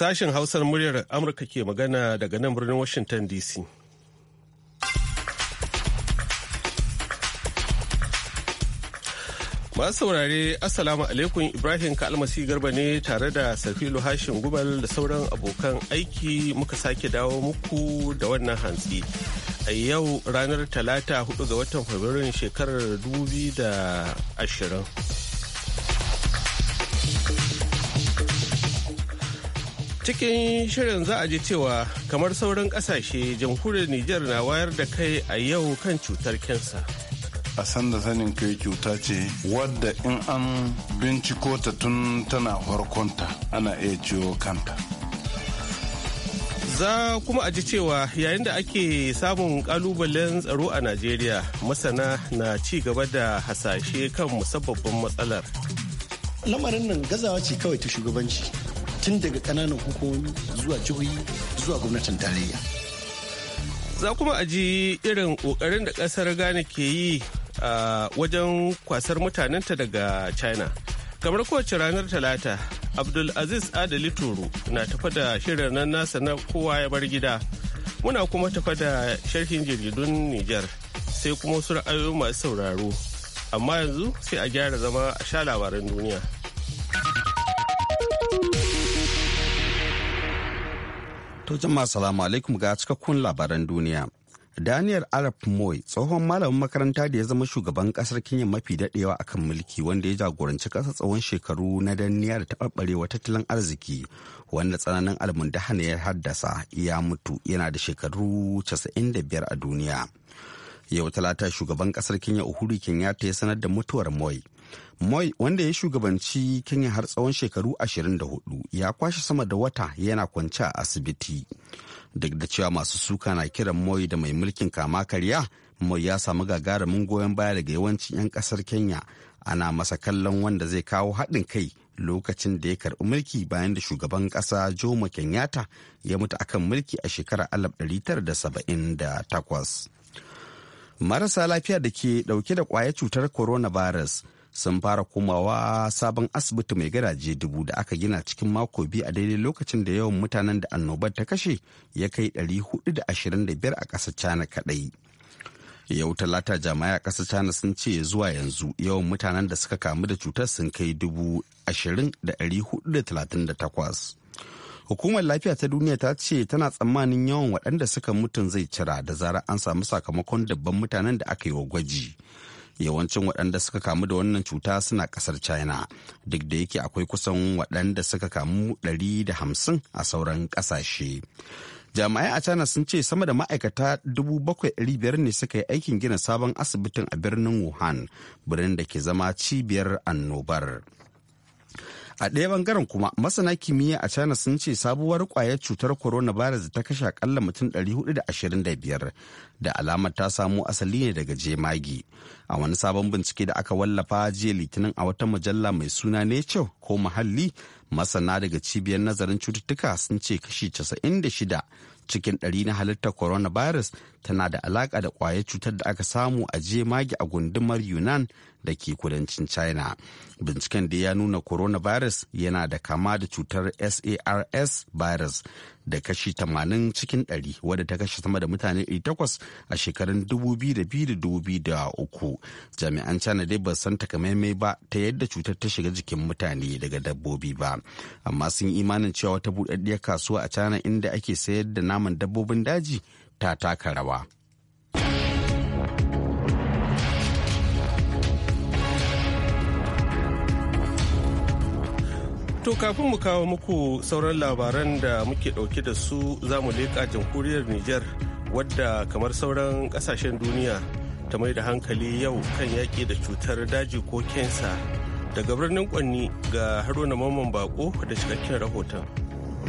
Sashen Hausar muryar Amurka ke magana daga nan birnin Washington DC. Masu saurare Assalamu alaikum Ibrahim Kalmasi Garba ne tare da Safilu Hashin Gubal da sauran abokan aiki muka sake dawo muku da wannan hantsi. A yau ranar talata 4 ga watan Fabrairun shekarar 2020. cikin shirin za a ji cewa kamar sauran kasashe jamhuriyar niger na wayar da kai a yau kan cutar kensa a sanda sanin kai cuta ce wadda in an binciko ta tun tana farkonta ana iya ciwo kanta za kuma a ji cewa yayin da ake samun kalubalen tsaro a najeriya masana na ci gaba da hasashe kan musabbabin matsalar lamarin nan gazawa ce kawai ta shugabanci tun daga ƙananan hukumomi zuwa jihohi zuwa gwamnatin tarayya za kuma a ji irin ƙoƙarin da ƙasar ghana ke yi a wajen kwasar mutanenta daga china kamar kowace ranar talata abdulaziz adali toro na tafa da shirin nasa na kowa ya bar gida muna kuma tafa da sharhin jaridun niger sai kuma wasu ra'ayoyi masu sauraro amma yanzu sai a gyara zama a sha labaran duniya. To jama'a salamu alaikum ga cikakkun labaran duniya. Daniel Arab Moy tsohon malamin makaranta da ya zama shugaban kasar Kenya mafi dadewa akan mulki wanda ya jagoranci kasar tsawon shekaru na danniya da taɓarɓarewa tattalin arziki wanda tsananin almundahana ya haddasa ya mutu yana da shekaru 95 a duniya. Yau talata shugaban kasar Kenya Uhuru Kenyatta ya sanar da mutuwar Moy Moy, wanda ya shugabanci Kenya har tsawon shekaru 24 ya kwashe sama da wata yana kwance a asibiti. Duk da cewa masu suka na kiran Moy da mai mulkin kama karya, Moy ya samu gagarumin goyon baya daga yawancin 'yan kasar Kenya ana masa kallon wanda zai kawo haɗin kai lokacin da ya karɓi mulki bayan da shugaban ƙasa Jomo Kenyatta ya mutu akan mulki a shekarar 1978. Marasa lafiya da ke dauke da kwayar cutar coronavirus sun fara komawa sabon asibiti mai gadaje dubu da aka gina cikin mako biyu a daidai lokacin da yawan mutanen da annobar ta kashe ya kai 425 a ƙasar china kaɗai yau talata jami'ai a ƙasar china sun ce zuwa yanzu yawan mutanen da suka kamu da cutar sun kai 20,438 hukumar lafiya ta duniya ta ce tana tsammanin yawan waɗanda suka mutun zai cira da zarar an samu sakamakon dabban mutanen da aka yi wa gwaji yawancin waɗanda suka kamu da wannan cuta suna ƙasar china duk da yake akwai kusan waɗanda suka kamu 150 a sauran ƙasashe jami'ai a china sun ce sama da ma'aikata 7,500 ne suka yi aikin gina sabon asibitin a birnin wuhan birnin da ke zama cibiyar annobar. a ɗaya bangaren kuma masana kimiyya a china sun ce sabuwar kwayar cutar coronavirus ta kashe akalla mutum 425 da alamar ta samo asali ne daga jemagi a wani sabon bincike da aka wallafa jiya litinin a wata mujalla mai suna nature ko muhalli masana daga cibiyar nazarin cututtuka sun ce kashi 96 cikin ɗari na halittar coronavirus tana da alaka da kwayar cutar da aka samu a jemagi a gundumar yunan da ke kudancin china binciken da ya nuna coronavirus yana da kama da cutar sars virus da kashi 80 cikin 100 wadda ta kashe sama da mutane 8 a shekarun 2002-2003 jami'an china dai ba san takamaimai ba ta yadda cutar ta shiga jikin mutane daga dabbobi ba amma sun yi imanin cewa wata buɗaɗɗiyar kasuwa a china inda ake sayar da naman dabbobin daji ta taka rawa. To kafin mu kawo muku sauran labaran da muke ɗauke da su zamu leƙa jamhuriyar Nijar wadda kamar sauran ƙasashen duniya ta mai da hankali yau kan yaƙi da cutar daji ko kensa daga birnin kwanni ga haruna mamman bako da cikakken rahoton.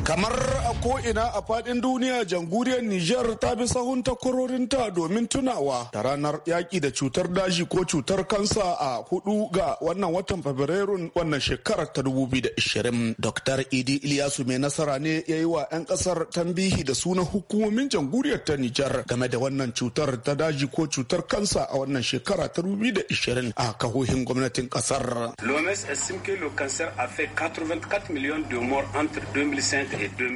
kamar a ko'ina a fadin duniya jamhuriyar niger ta bi sahun takwarorinta domin tunawa da ranar yaƙi da cutar daji ko cutar kansa a hudu ga wannan watan fabrairun wannan shekarar ta 2020 dr idi iliyasu mai nasara ne ya yi wa 'yan kasar tambihi da sunan hukumomin jamhuriyar ta niger game da wannan cutar ta daji ko cutar kansa a wannan shekara ta 2020 a kahohin gwamnatin kasar lomes estime que le cancer a fait 84 millions de morts entre 2005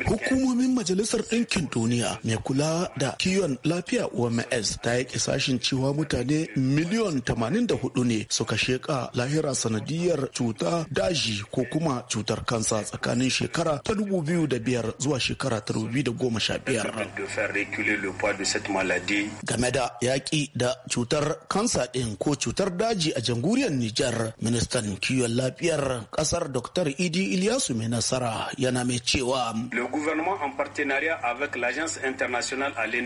Hukumomin Majalisar Ɗinkin Duniya mai kula da kiwon lafiya OMS ta yi kisashin cewa mutane miliyon 84 ne suka sheka lahira sanadiyar cuta daji ko kuma cutar kansa tsakanin shekara ta 2005 zuwa shekara ta 2015. Game da yaƙi da cutar kansa ɗin ko cutar daji a jamhuriyar Nijar, ministan kiwon lafiyar ƙasar Dr. Idi Ilyasu mai nasara yana mai cewa cewa jamhuriyar e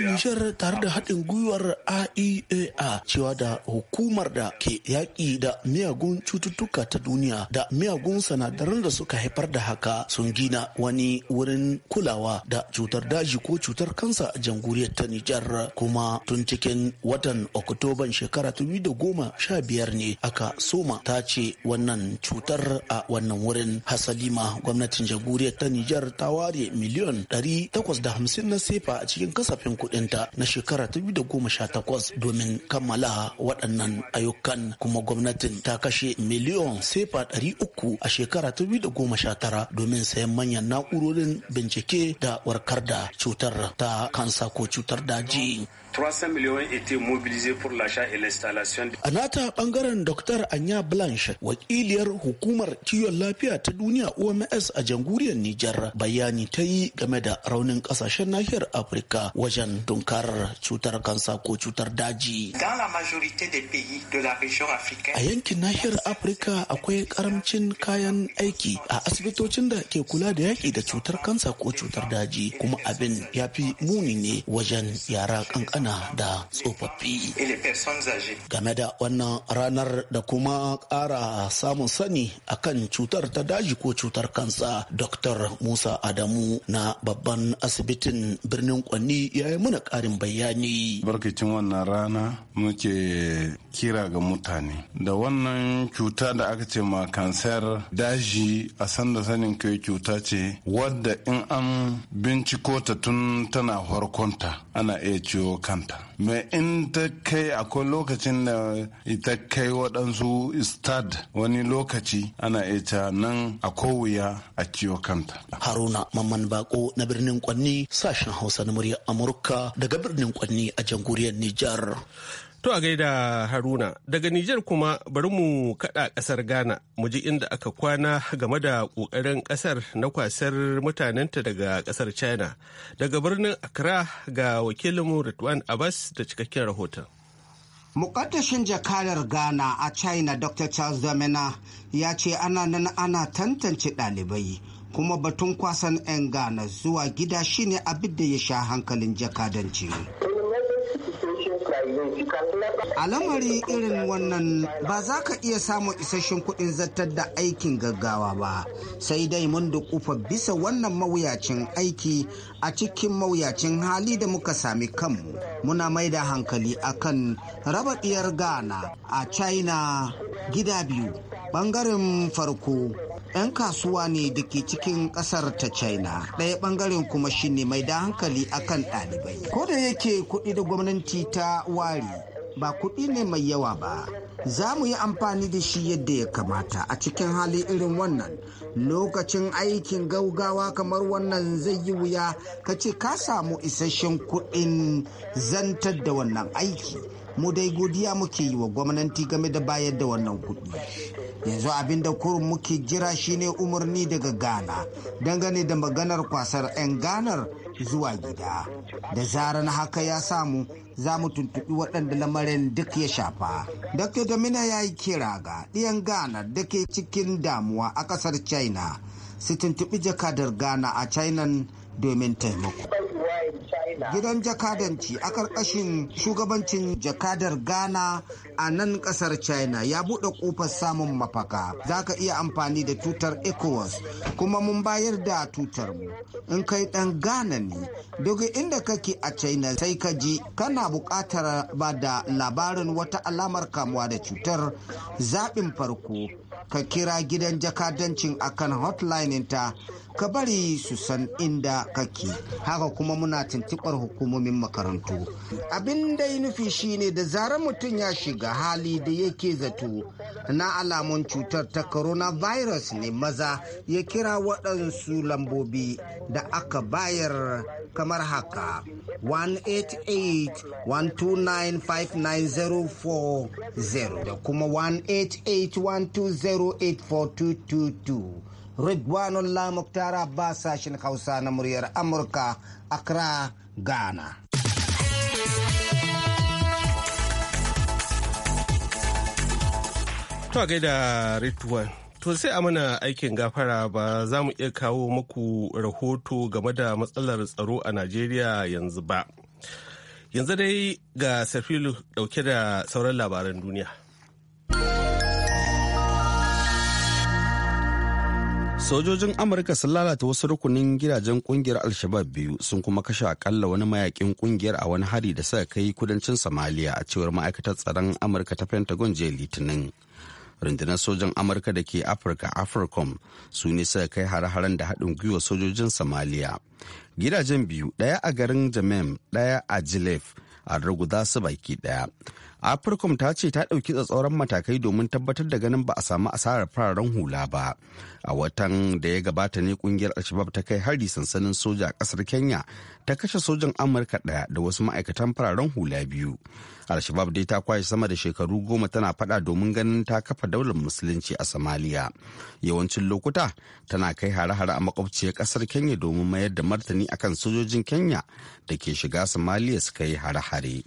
Nijar tare da haɗin gwiwar IEA e cewa da hukumar da ke yaƙi da miyagun cututtuka ta duniya da miyagun sanadaran da suka haifar da haka sun gina wani wurin kulawa da cutar daji ko cutar kansa a jamhuriyar ta Nijar kuma tun cikin watan Oktoban shekara biyar ne aka soma ta ce wannan cutar a wannan wurin hasali ma gwamnati jamhuriyar ta Nijar ta ware miliyon 850 na sefa a cikin kasafin kudinta na shekara 2018 domin kammala waɗannan ayyukan kuma gwamnatin ta kashe miliyon sefa 300 a shekara 2019 domin sayan manyan na'urorin bincike da warkar da cutar ta kansa ko cutar daji. 300 millions ita mobilize pour l'achat et l'installation. A nata bangaren Dr. Anya Blanche, wakiliyar hukumar kiwon lafiya ta duniya OMS a jamhuriyar Nijar bayani ta yi game da raunin kasashen nahiyar Afirka wajen tunkarar cutar kansa ko cutar daji. A yankin nahiyar Afirka akwai karamcin kayan aiki a asibitocin da ke kula da yaki da cutar kansa ko cutar daji kuma abin ya fi muni ne wajen yara kankan amfana da tsofaffi. Game da wannan ranar da kuma ƙara samun sani akan cutar ta daji ko cutar kansa Dr. Musa Adamu na babban asibitin birnin Kwanni ya yi mana ƙarin bayani. Barkacin wannan rana muke kira ga mutane. Da wannan cuta da aka ce ma kansar daji a sanda sanin kai cuta ce wadda in an binciko ta tun tana farkonta ana iya ciwo kanta mai in ta kai akwai lokacin da ita kai waɗansu stad wani lokaci ana ita nan a kowuya a ciwo kanta haruna mamman bako na birnin kwanni sashen hausa na murya amurka daga birnin kwanni a jamhuriyar nijar To a gaida Haruna, daga Nijar kuma bari mu kaɗa ƙasar Ghana, mu ji inda aka kwana game da ƙoƙarin ƙasar na kwasar mutanenta daga ƙasar China. Daga birnin Accra ga wakilinmu Ritwan Abbas da cikakken rahoton. Mukaddashin jakadar Ghana a China Dr. Charles Damina ya ce ana nan ana tantance ɗalibai. kuma batun kwasan 'yan Ghana zuwa gida shine abin da ya sha hankalin jakadanci. A lamari irin wannan ba za ka iya samun isasshen kuɗin zartar da aikin gaggawa ba, sai dai mun kufa bisa wannan mawuyacin aiki a cikin mawuyacin hali da muka sami kanmu. Muna mai da hankali kan raba ɗiyar Ghana a China gida biyu. Bangaren farko 'yan kasuwa ne da ke cikin kasar ta china ɗaya bangaren kuma shine mai da hankali akan ɗalibai ko da yake kuɗi da gwamnati ta wari ba kuɗi ne mai yawa ba za mu yi amfani da shi yadda ya kamata a cikin hali irin wannan lokacin aikin gaugawa kamar wannan zai yi wuya ka ce ka samu isasshen kuɗin zantar da wannan aiki mu dai godiya muke yi wa gwamnati game da bayar da wannan kuɗi yanzu abin da kurum muke jira shine umarni daga ghana dangane da maganar kwasar 'yan ganar zuwa gida da zaran haka ya samu za mu tuntuɓi waɗanda lamarin duk ya shafa dr damina ya yi kira ga ɗiyan ghana da ke cikin damuwa a ƙasar china su tuntuɓi jakadar ghana a china domin taimako gidan jakadanci a ƙarƙashin shugabancin jakadar ghana a nan ƙasar china ya buɗe ƙofar samun mafaka za ka iya amfani da tutar ecowas kuma mun bayar da tutar mu in kai ɗan ghana ne duk inda kake a china sai ka ji kana buƙatar ba da labarin wata alamar kamuwa da cutar zaɓin farko ka kira gidan jakadancin akan hotline ta ka bari su san inda kake haka kuma muna tuntuɓar hukumomin makarantu abin da nufi shine da zarar mutum ya shiga hali da yake zato na alamun cutar ta coronavirus ne maza ya kira waɗansu lambobi da aka bayar kamar haka 188-129-5904 da kuma 188 120 Ridwanullah Muktar Abbas sashen Hausa na muryar Amurka, Accra, Ghana. To gaida Ridwan. To sai a mana aikin gafara ba za mu iya kawo muku rahoto game da matsalar tsaro a Najeriya yanzu ba. Yanzu dai ga Safilu dauke da sauran labaran duniya. sojojin amurka sun lalata wasu rukunin gidajen kungiyar alshabab biyu sun kuma kashe akalla wani mayakin kungiyar a wani hari da suka kai kudancin somalia a cewar ma'aikatar tsaron amurka ta pentagon jiya litinin rundunar sojan amurka da ke afirka africom su ne suka kai hare-haren da haɗin gwiwa sojojin somalia gidajen biyu ɗaya a garin jamem ɗaya a jilef a ruguza su baki ɗaya afirkom ta ce ta ɗauki tsatsauran matakai domin tabbatar da ganin ba a samu asarar fararen hula ba a watan da ya gabata ne ƙungiyar alshabab ta kai hari sansanin soja a ƙasar kenya ta kashe sojan amurka ɗaya da wasu ma'aikatan fararen hula biyu alshabab dai ta kwashe sama da shekaru goma tana faɗa domin ganin ta kafa daular musulunci a somalia yawancin lokuta tana kai hare-hare a makwabciyar ƙasar kenya domin mayar da martani akan sojojin kenya da ke shiga somalia suka yi hare-hare.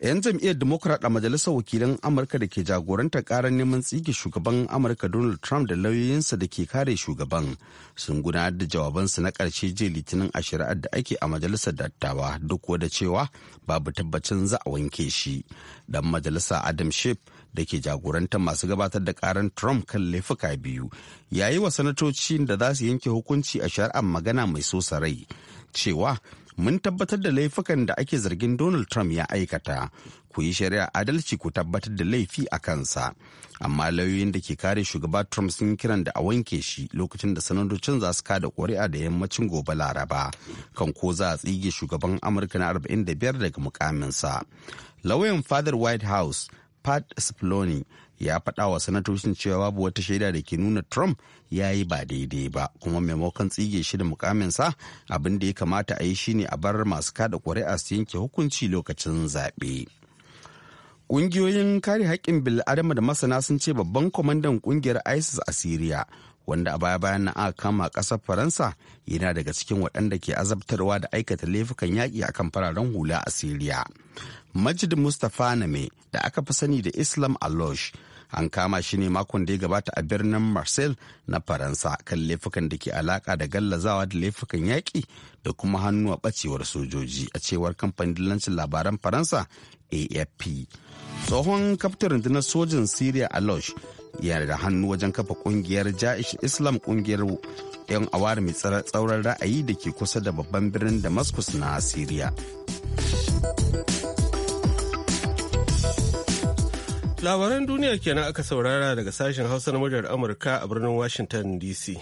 'yan jam'iyyar democrat a majalisar wakilan amurka da ke jagorantar karar neman tsige shugaban amurka donald trump da lauyoyinsa da ke kare shugaban sun gudanar da jawabansu na ƙarshe jiya litinin a shari'ar da ake a majalisar dattawa duk da cewa babu tabbacin za a wanke shi dan majalisa adam Schiff da ke jagorantar masu gabatar da karan trump kan laifuka biyu yayi wa sanatoci da za su yanke hukunci a shari'ar magana mai so rai cewa mun tabbatar da laifukan da ake zargin Donald Trump ya aikata. Ku yi shari'a adalci ku tabbatar da laifi a kansa. Amma lauyoyin da ke kare shugaba Trump sun kiran da a wanke shi lokacin da sanadocin za su kada ƙuri'a da yammacin gobe Laraba kan ko za a tsige shugaban Amurka na 45 daga mukaminsa. Lauyan Fadar White House Pat Spiloni, ya faɗa wa sanatocin cewa babu wata shaida da ke nuna trump ya yi ba daidai ba kuma maimakon tsige shi da mukaminsa abin da ya kamata a yi shine a bar masu kada ƙuri'a su yanke hukunci lokacin zaɓe ƙungiyoyin kare haƙƙin bil'adama da masana sun ce babban kwamandan ƙungiyar isis a siriya wanda a baya bayan na aka kama ƙasar faransa yana daga cikin waɗanda ke azabtarwa da aikata laifukan yaƙi akan fararen hula a siriya Majid Mustapha Name da aka fi sani da Islam Alosh an kama shi ne makon da ya gabata a birnin Marseille na Faransa kan laifukan da ke alaka da gallazawa da laifukan yaƙi da kuma hannu a ɓacewar sojoji a cewar kamfanin dillancin labaran Faransa AFP. Tsohon kaftin rundunar sojin Syria Alosh yana da hannu wajen kafa kungiyar Ja'ish Islam kungiyar 'yan awar mai tsauran ra'ayi da ke kusa da babban birnin Damascus na Syria. Labaran duniya kenan aka saurara daga sashen Hausa na muryar Amurka a birnin Washington DC.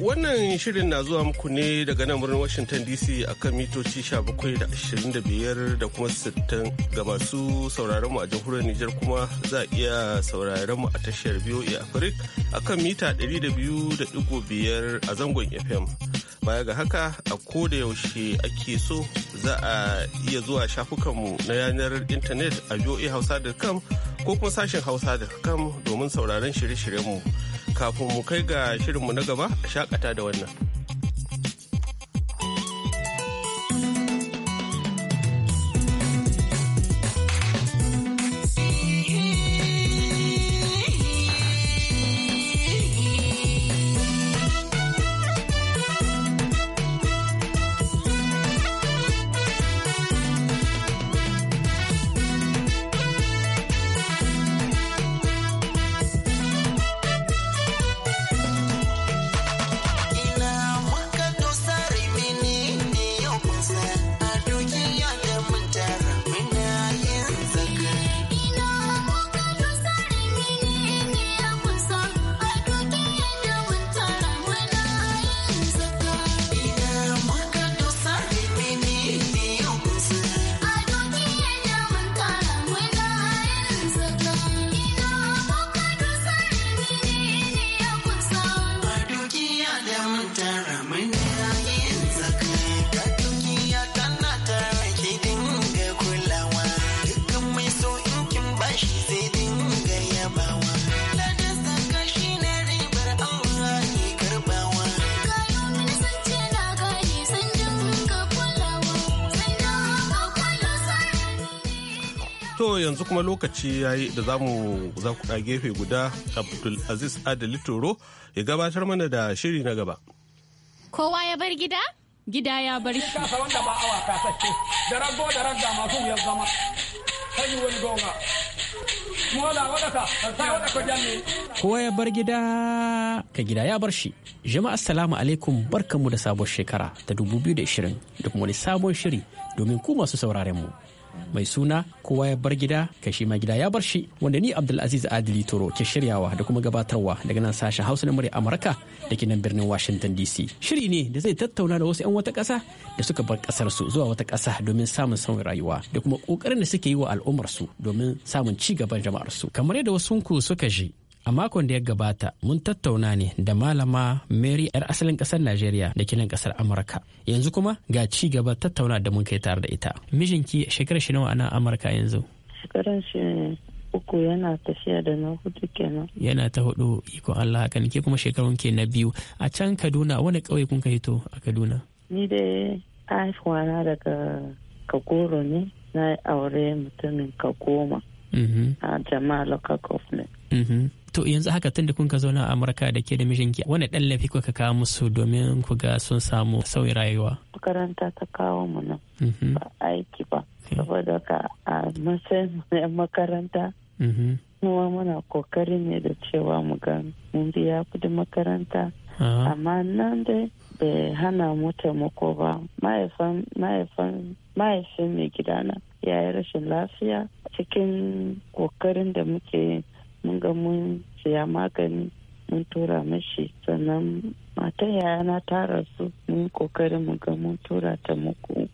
Wannan shirin na zuwa muku ne daga nan birnin Washington DC akan mitoci 17.25 da kuma 60 ga masu sauraron a jamhuriyar Nijar kuma za a iya sauraron a tashar VOA Africa akan mita 200.5 a zangon FM. Baya ga haka a koda yaushe ake so za a iya zuwa shafukanmu na yanar intanet a voahausa.com ko kuma sashen hausa.com domin sauraron shirye-shiryenmu. mu. kafin mu kai ga shirinmu na gaba shakata da wannan. yanzu kuma lokaci ya yi da zamu za ku gefe guda Abdulaziz Adali Toro ya gabatar mana da shiri na gaba. Kowa ya bar gida? Gida ya bar shi. Kasa wanda ba awa kasashe, da rago da ragga masu zama, wani Kowa ya bar gida ka gida ya bar shi. Jama'a assalamu alaikum barkanmu da sabon shekara ta 2020 da kuma wani sabon shiri domin ku masu sauraren mu. mai suna kowa ya bar gida ka shi gida ya bar shi wanda ni abdulaziz adili toro ke shiryawa da kuma gabatarwa daga nan sashen hausa na murya amurka da ke nan birnin washington dc shiri ne da zai tattauna da wasu 'yan wata ƙasa da suka bar ƙasar zuwa wata ƙasa domin samun sauyin rayuwa da kuma ƙoƙarin da suke yi wa al'ummar su domin samun ci gaban jama'arsu su kamar yadda wasu ku suka ji a makon da ya gabata mun tattauna ne da malama mary yar asalin kasar najeriya da kinan kasar amurka yanzu kuma ga ci gaba tattauna da mun kai tare da ita mijinki shekarar shi nawa ana amurka yanzu shekarar shi uku yana tafiya da na hudu kenan yana ta hudu iko allah haka ke kuma shekarun ke na biyu a can kaduna wani kauye kun kai to a kaduna ni da haifuwa na daga kagoro ne na aure mutumin kagoma mhm. a jama'a local government mhm. To yanzu haka tun da kun zauna a Amurka da ke da mijinki wani ɗallafi kuka kawo musu domin ku ga sun samu sauyin rayuwa? Makaranta ta kawo mu nan mhm. ba aiki ba. Eh. Saboda ka a matsayin makaranta kuma mhm. muna kokari ne da cewa mu ga mun biya kudin makaranta. Ah. Amma nan dai bai hana mu taimako ba mahaifin mai gidana ya yi rashin lafiya cikin kokarin da muke yin mun ga mun siya magani mun tura mashi sannan matan yayana ta rasu mun kokari mu ga mun tura ta muku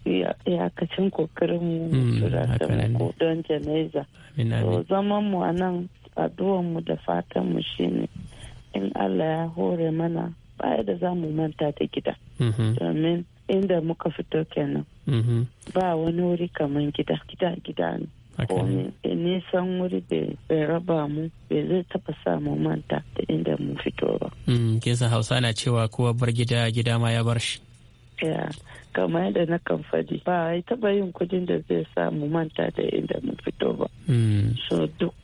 iyakacin kokarin mu hmm, tura ta muku don janaiza to zaman mu a nan addu'an mu da fatan mu shine in Allah ya hore mana baya da za mu manta ta gida mm-hmm. domin inda muka fito kenan mm-hmm. ba wani wuri kamar gida gida gida wani nisan wuri bai raba mu bai zai taba sa mu manta da inda mu fito ba. Mm, Kinsa hausa na cewa kowa bar gida gida ma ya bar shi. ya kamar yadda na kan faɗi ba ya taba yin kudin da zai sa mu manta da inda mu fito ba. Mm. so duk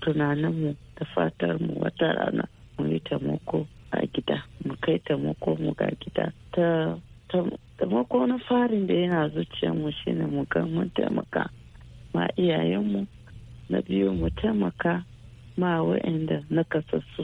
tunaninmu da fatar mu wata rana mu yi taimako a gida mu kai taimako mu ga gida ta taimako na farin da yana zuciyarmu shine mu ga mun taimaka ma iyayenmu na biyu mu taimaka ma wa'anda na kasassu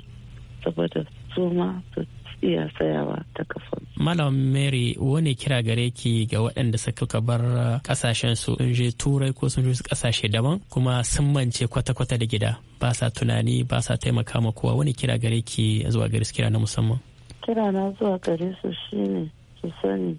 saboda su ma su iya sayawa ta kafa. Malam Mary wani kira gare ki ga waɗanda suka bar ƙasashen su sun je turai ko sun je ƙasashe daban kuma sun mance kwata-kwata da gida ba sa tunani ba sa taimaka ma kowa wani kira gare ki zuwa gare su kira na musamman. Kira na zuwa gare su shine su sani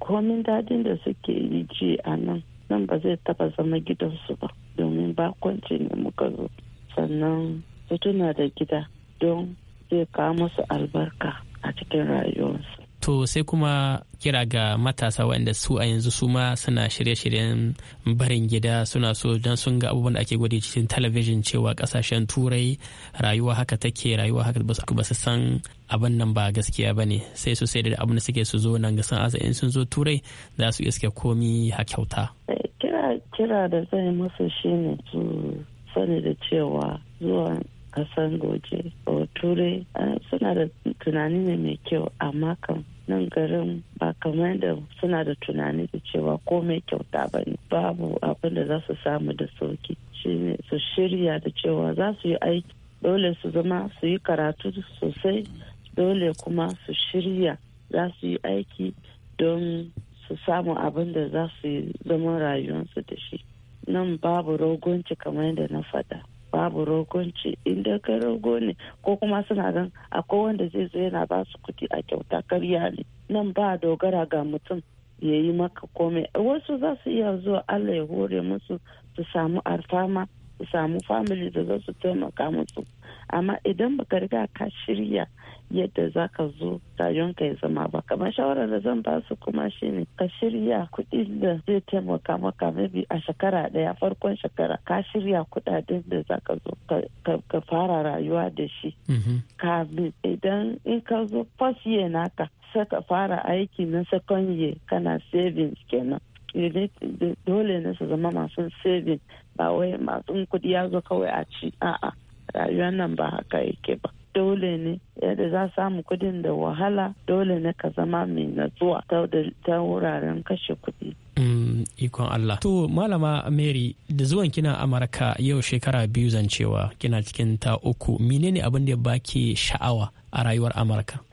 komin dadin da suke yi ji a nan nan ba zai taba zama gidan su ba domin bakwanci ne muka zo sannan su tuna da gida don zai kawo musu albarka a cikin rayuwarsu To sai kuma kira ga matasa waɗanda su a yanzu su ma suna shirye-shiryen barin gida suna so don sun ga abubuwan da ake gwada cikin talabijin cewa kasashen turai rayuwa haka take rayuwa haka ba su san abin nan ba gaskiya ba ne sai su sai da abin da suke su zo nan ga san asa in sun zo turai za su iske komi ha kyauta. Eh, kira da zai musu shine su sani da cewa zuwa kasan goje ko turai eh, suna da tunani ne mai kyau amma kan nan garin ba kamar da suna da tunani da cewa komai kyauta ba ne babu abin da za su samu da sauki shine su shirya da cewa za su yi aiki dole su zama su yi karatu sosai dole kuma su shirya za su yi aiki don su samu abin da za su yi zama rayuwarsu da shi nan babu rogonci kamar da na faɗa babu rogonci inda ka rogo ne ko kuma suna gan akwai wanda zai zo yana ba su kuɗi a kyauta karya ne nan ba dogara ga mutum ya yi maka komai wasu za su iya zuwa allah ya hore musu su samu alfama su samu family da za su taimaka musu amma idan baka riga ka shirya yadda za ka zo rayuwanka ya zama ba kamar shawarar da zan ba su kuma shine ka shirya kuɗi da zai taimaka maka mabi a shekara ɗaya farkon shekara ka shirya kuɗaɗen da za ka zo ka fara rayuwa da shi mm-hmm. kamin idan in ka zo first year naka sai ka fara aiki na second year kana savings kenan dole ne su zama masu saving ba wai masu kuɗi ya zo kawai a ci a'a rayuwar nan ba haka yake ba dole ne yadda za samu kudin da wahala dole ne ka zama mai natsuwa ta wuraren kashe kudi mm, ikon Allah. To malama Mary da zuwan kina Amurka yau shekara biyu zancewa kina cikin ta uku menene abin da baki sha'awa a rayuwar Amurka?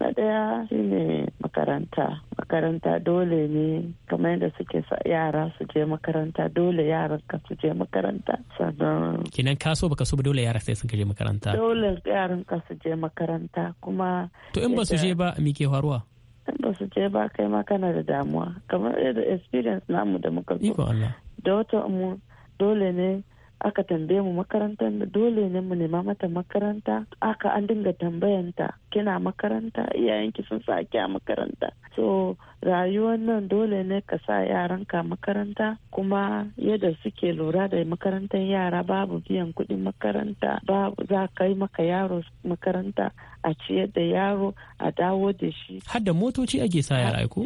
na daya shine makaranta makaranta dole ne kamar yadda suke sa yara su je makaranta dole yaran ka su je makaranta sannan kinan kaso baka so ba dole yara sai sun je makaranta dole yaran ka su je makaranta kuma to in ba su je ba me ke faruwa in ba su je ba kai ma kana da damuwa kamar yadda experience namu da muka zo da wata mu dole ne aka tambaye mu makarantar dole ne mu nema mata makaranta aka an dinga tambayanta kina makaranta iyayenki sun sa ki a makaranta so rayuwar nan dole ne ka sa yaranka makaranta kuma yadda suke lura da makarantar yara babu biyan kuɗin makaranta babu za kai maka yaro makaranta a ciyar da yaro a dawo da shi har da motoci ake sa yara ko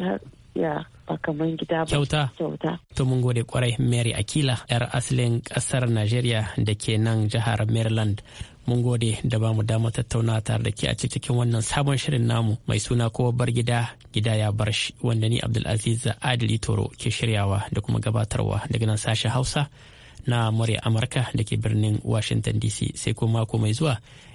ya ba gida ba kyauta kyauta to mun gode kwarai mary akila yar asalin kasar najeriya da ke nan jihar maryland mun gode da ba mu dama tattauna tare da ke a cikin wannan sabon shirin namu mai suna kowa bar gida gida ya bar shi wanda ni abdulaziz adili toro ke shiryawa da kuma gabatarwa daga nan sashen hausa na murya amurka da ke birnin washington dc sai kuma mako mai zuwa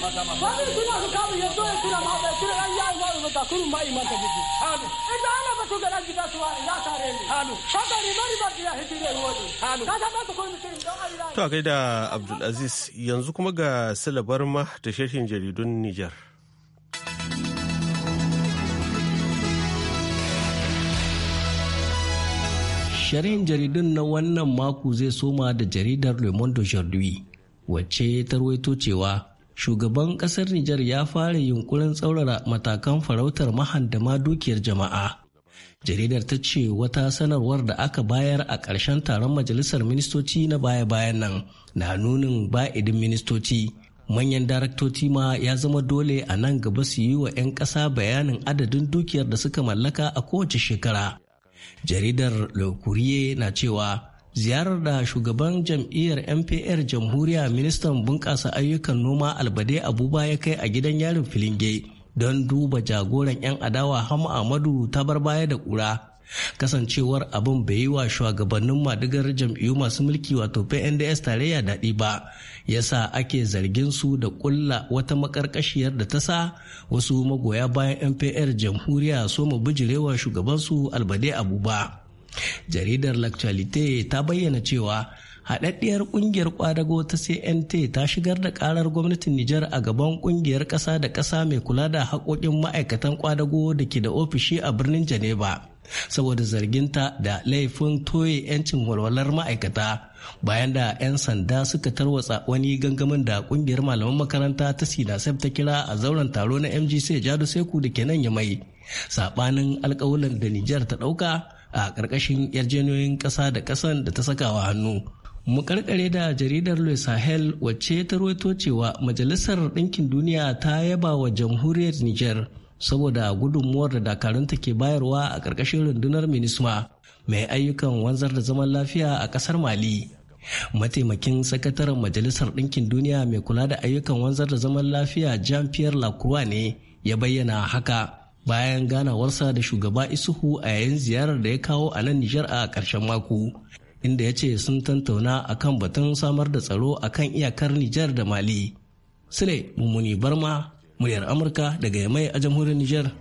Babi kuna su kamu ya zo eh, ya kira ma bai kira ran ya ma ba ta kurun ma iman ta jiki. ana ba su ga suwa ya kare ni. Halu. Saka riba riba ya hitire ruwaje. Halu. Ka ta ba su kurun mutum don Allah. To gaida Abdulaziz yanzu kuma ga silabar ma ta sheshin jaridun Nijar. Shirin jaridun na wannan mako zai soma da jaridar Le Monde Aujourd'hui, wacce ta rawaito cewa shugaban kasar Nijar ya fara yunkurin tsaurara matakan farautar mahandama dukiyar jama'a. Jaridar ta ce wata sanarwar da aka bayar a ƙarshen taron majalisar ministoci na baya-bayan nan na nunin ba'idin ministoci. Manyan daraktoci ma ya zama dole a nan gaba su yi wa 'yan ƙasa bayanin adadin dukiyar da suka mallaka a kowace shekara. Jaridar Le na cewa ziyarar da shugaban jam'iyyar mpr jamhuriya ministan bunƙasa ayyukan noma albade abuba ya kai a gidan yarin filinge don duba jagoran 'yan adawa hamu amadu ta bar baya da ƙura kasancewar abin bai yi wa shugabannin madigar jam'iyyu masu mulki wato pnds tarayya daɗi ba Ya sa ake zargin su da ƙulla wata makarkashiyar da ta sa wasu magoya bayan mpr jamhuriya so mu bijirewa shugabansu albade abuba jaridar l'actualité ta bayyana cewa haɗaɗɗiyar ƙungiyar ƙwadago ta cnt ta shigar da ƙarar gwamnatin nijar a gaban ƙungiyar ƙasa da ƙasa mai kula da haƙoƙin ma'aikatan ƙwadago da ke da ofishi a birnin geneva saboda zarginta da laifin toye 'yancin walwalar ma'aikata bayan da 'yan sanda suka tarwatsa wani gangamin da kungiyar malaman makaranta ta sinasef ta kira a zauren taro na mgc jadu seku da ke nan ya mai saɓanin alkawulan da nijar ta ɗauka a ƙarƙashin yarjejeniyoyin ƙasa da ƙasan da ta saka wa hannu mu karkare da jaridar louis sahel wacce ta rawaito cewa majalisar ɗinkin duniya ta yaba wa jamhuriyar niger saboda gudunmuwar da dakarunta ke bayarwa a ƙarƙashin rundunar minisma mai ayyukan wanzar da zaman lafiya a ƙasar mali mataimakin sakataren majalisar ɗinkin duniya mai kula da ayyukan wanzar da zaman lafiya jean pierre lacroix ne ya bayyana haka bayan ganawarsa da shugaba isuhu a yayin ziyarar da ya kawo a nan nijar a ƙarshen mako inda ya ce sun tantauna akan batun samar da tsaro a kan iyakar nijar da mali sule mummuni barma muryar amurka daga yamai a jamhuriyar nijar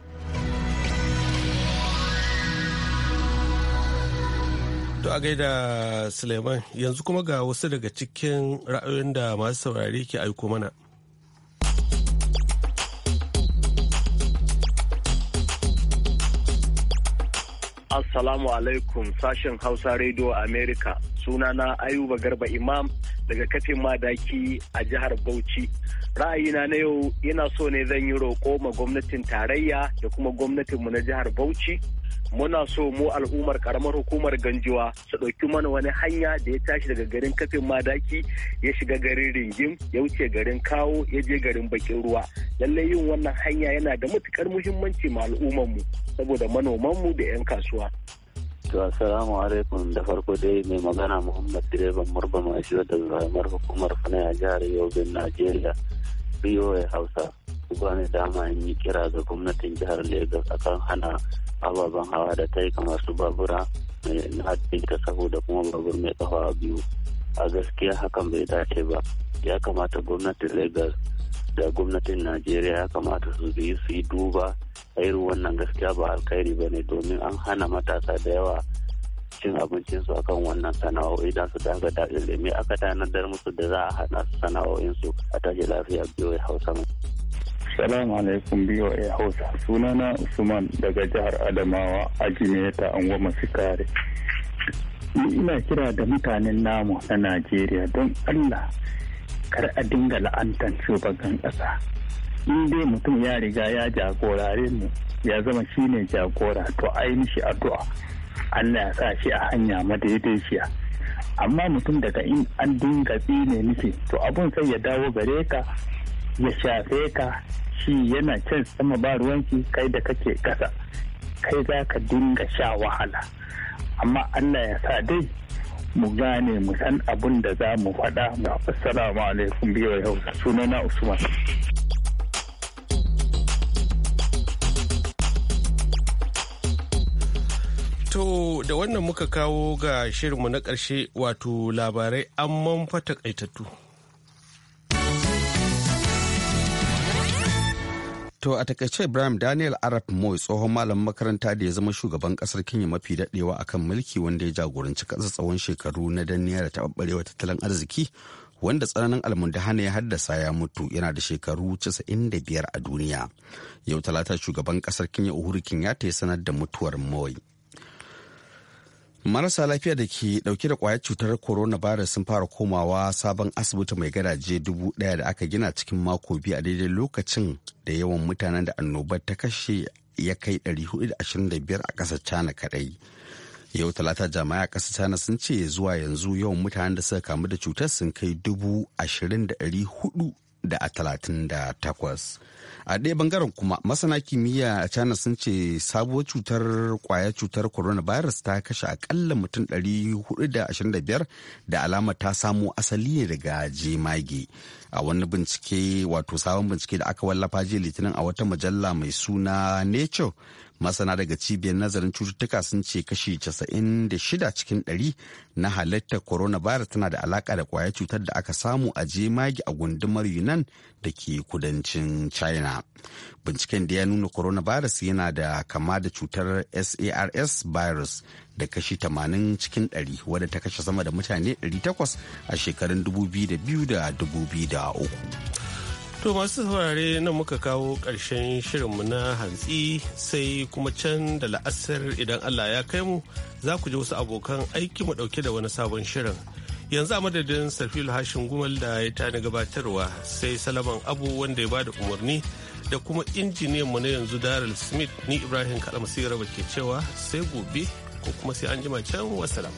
To a gaida Suleiman yanzu kuma ga wasu daga cikin ra'ayoyin da masu saurari ke aiko mana. Assalamu alaikum sashen Hausa Radio America sunana Ayuba Garba Imam daga kafin madaki a jihar Bauchi. Ra'ayina na yau yana so ne zan yi roƙo ma gwamnatin tarayya da kuma gwamnatinmu na jihar Bauchi muna so mu al'ummar karamar hukumar ganjiwa su ɗauki mana wani hanya da ya tashi daga garin kafin madaki ya shiga garin ringim ya wuce garin kawo ya je garin bakin ruwa lallai yin wannan hanya yana da matukar muhimmanci ma mu saboda manoman mu da 'yan kasuwa To assalamu alaikum da farko dai mai magana Muhammad Direban Murba Mashi da zamar hukumar Fana a jihar Yobe Najeriya BOA Hausa. bani dama in yi kira ga gwamnatin jihar Legas akan hana ababen hawa da ta yi kamar su babura na haɗin ta saboda kuma babur mai kafa biyu a gaskiya hakan bai dace ba ya kamata gwamnatin Legas da gwamnatin Najeriya ya kamata su yi su yi duba a irin wannan gaskiya ba alkhairi ba ne domin an hana matasa da yawa cin abincinsu akan wannan sana'o'i da su daga da ilimi aka tanadar musu da za a hana sana'o'insu a taji lafiya biyu hausa mu. Assalamu alaikum BOA Hausa. Sunana Usman daga jihar Adamawa a Jimeta kare. Sikare. Ina kira da mutanen namu na Najeriya don Allah kar a dinga la'antar shugaban ƙasa. In dai mutum ya riga ya jagorare mu ya zama shine jagora to ai mishi addu'a. Allah ya sa shi a hanya madaidaiciya. amma mutum daga in an dinga tsine mishi to abun sai ya dawo gare ka ya shafe ka shi yana can sama ba ruwanki kai da kake ƙasa kai za ka dinga sha wahala amma allah ya sa dai mu gane mu san abin da za mu faɗa mu assalamu alaikum biyu yau sunana usman To da wannan muka kawo ga shirinmu na ƙarshe wato labarai amman fa takaitattu. To a takaice Ibrahim Daniel Arab Moy tsohon malamin makaranta da ya zama shugaban kasar Kenya mafi daɗewa akan mulki wanda ya jagoranci ƙasa tsawon shekaru na danniya da taɓaɓɓarewa tattalin arziki wanda tsananin almundahana ya haddasa ya mutu yana da shekaru 95 a duniya. Yau talata shugaban kasar Kenya Uhuru Kenyatta ya sanar da mutuwar Moy. marasa lafiya da ke dauke da kwayar cutar coronavirus sun fara komawa sabon asibiti mai gadaje dubu daya da aka gina cikin mako biyu a daidai lokacin da yawan mutanen da annobar ta kashe ya kai 425 a kasar china kadai yau talata jama'a kasar china sun ce zuwa yanzu yawan mutanen da suka kamu da cutar sun kai dubu da a talatin da takwas. A ɗaya bangaren kuma masana kimiyya a China sun ce sabuwar cutar kwaya cutar coronavirus ta kashe akalla mutum 425 da alama ta samo asali ne daga jemage. A wani bincike wato sabon bincike da aka wallafa jiya litinin a wata mujalla mai suna Nature masana daga cibiyar nazarin cututtuka sun ce kashi 96 cikin 100 na halittar coronavirus tana da alaka da kwaya cutar da aka samu a jemagi a gundumar yunan da ke kudancin china binciken da ya nuna coronavirus yana da kama da cutar sars virus da kashi 80 cikin 100 wadda ta kashe sama da mutane 800 a shekarun 2002 da 2003 To masu saurare nan muka kawo ƙarshen shirinmu na hantsi sai kuma can da la'asar idan Allah ya kai mu za ku ji wasu abokan aiki mu ɗauke da wani sabon shirin. Yanzu a madadin Sarfil Hashin Gumal da ya tani gabatarwa sai Salaman Abu wanda ya bada umarni da kuma injiniyan mu na yanzu Daryl Smith ni Ibrahim Kalamasi Raba ke cewa sai gobe ko kuma sai an jima can wasalam.